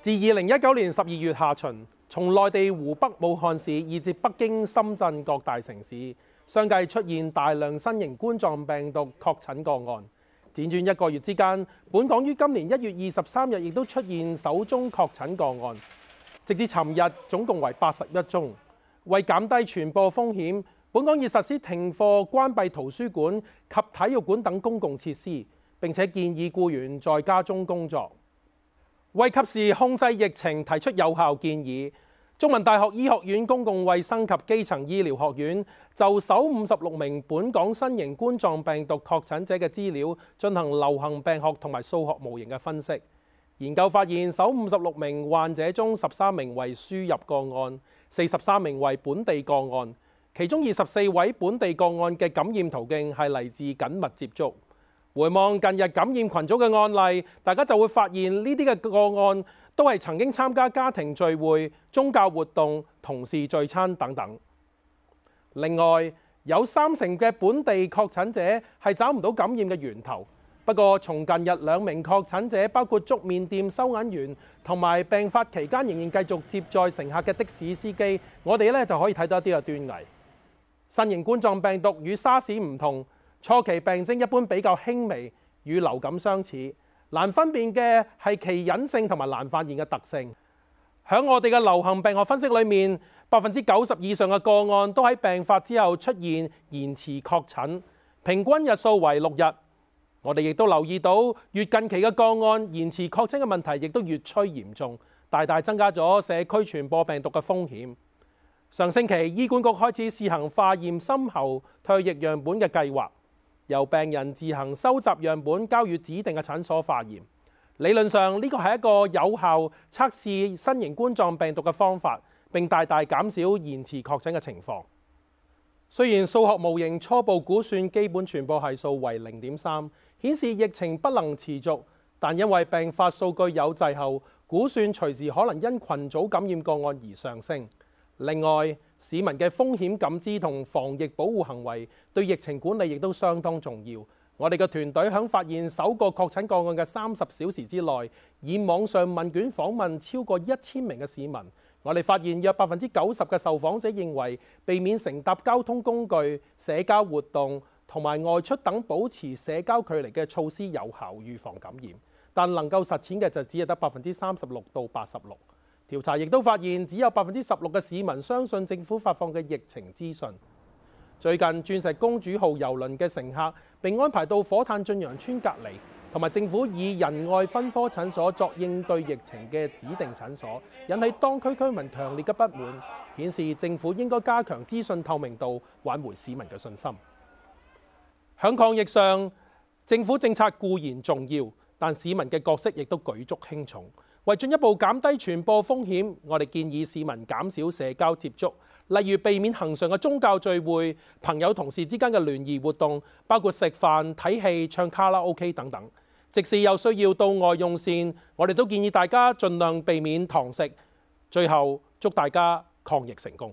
自二零一九年十二月下旬，從內地湖北武漢市以至北京、深圳各大城市，相繼出現大量新型冠狀病毒確診個案。輾轉一個月之間，本港於今年一月二十三日亦都出現首宗確診個案，直至尋日總共為八十一宗。為減低傳播風險，本港已實施停課、關閉圖書館及體育館等公共設施，並且建議僱員在家中工作。為及時控制疫情，提出有效建議，中文大學醫學院公共衛生及基層醫療學院就首五十六名本港新型冠狀病毒確診者嘅資料進行流行病學同埋數學模型嘅分析。研究發現，首五十六名患者中，十三名為輸入個案，四十三名為本地個案，其中二十四位本地個案嘅感染途徑係嚟自緊密接觸。回望近日感染群組嘅案例，大家就會發現呢啲嘅個案都係曾經參加家庭聚會、宗教活動、同事聚餐等等。另外，有三成嘅本地確診者係找唔到感染嘅源頭。不過，從近日兩名確診者，包括粥麵店收銀員同埋病發期間仍然繼續接載乘客嘅的士司機，我哋呢就可以睇到一啲嘅端倪。新型冠狀病毒與沙士唔同。初期病徵一般比較輕微，與流感相似，難分辨嘅係其隱性同埋難發現嘅特性。響我哋嘅流行病學分析裏面，百分之九十以上嘅個案都喺病發之後出現延遲確診，平均日數為六日。我哋亦都留意到，越近期嘅個案延遲確診嘅問題亦都越趨嚴重，大大增加咗社區傳播病毒嘅風險。上星期，醫管局開始試行化驗深喉唾液樣本嘅計劃。由病人自行收集樣本交予指定嘅診所化驗。理論上，呢個係一個有效測試新型冠狀病毒嘅方法，並大大減少延遲確診嘅情況。雖然數學模型初步估算基本傳播係數為零點三，顯示疫情不能持續，但因為病發數據有滯後，估算隨時可能因群組感染個案而上升。另外，市民嘅風險感知同防疫保護行為對疫情管理亦都相當重要。我哋嘅團隊喺發現首個確診個案嘅三十小時之內，以網上問卷訪問超過一千名嘅市民，我哋發現約百分之九十嘅受訪者認為避免乘搭交通工具、社交活動同埋外出等保持社交距離嘅措施有效預防感染，但能夠實踐嘅就只係得百分之三十六到八十六。調查亦都發現，只有百分之十六嘅市民相信政府發放嘅疫情資訊。最近，鑽石公主號遊輪嘅乘客被安排到火炭駿洋邨隔離，同埋政府以仁愛分科診所作應對疫情嘅指定診所，引起當區居民強烈嘅不滿，顯示政府應該加強資訊透明度，挽回市民嘅信心。響抗疫上，政府政策固然重要，但市民嘅角色亦都舉足輕重。為進一步減低傳播風險，我哋建議市民減少社交接觸，例如避免恆常嘅宗教聚會、朋友同事之間嘅聯誼活動，包括食飯、睇戲、唱卡拉 OK 等等。即使有需要到外用膳，我哋都建議大家盡量避免堂食。最後，祝大家抗疫成功。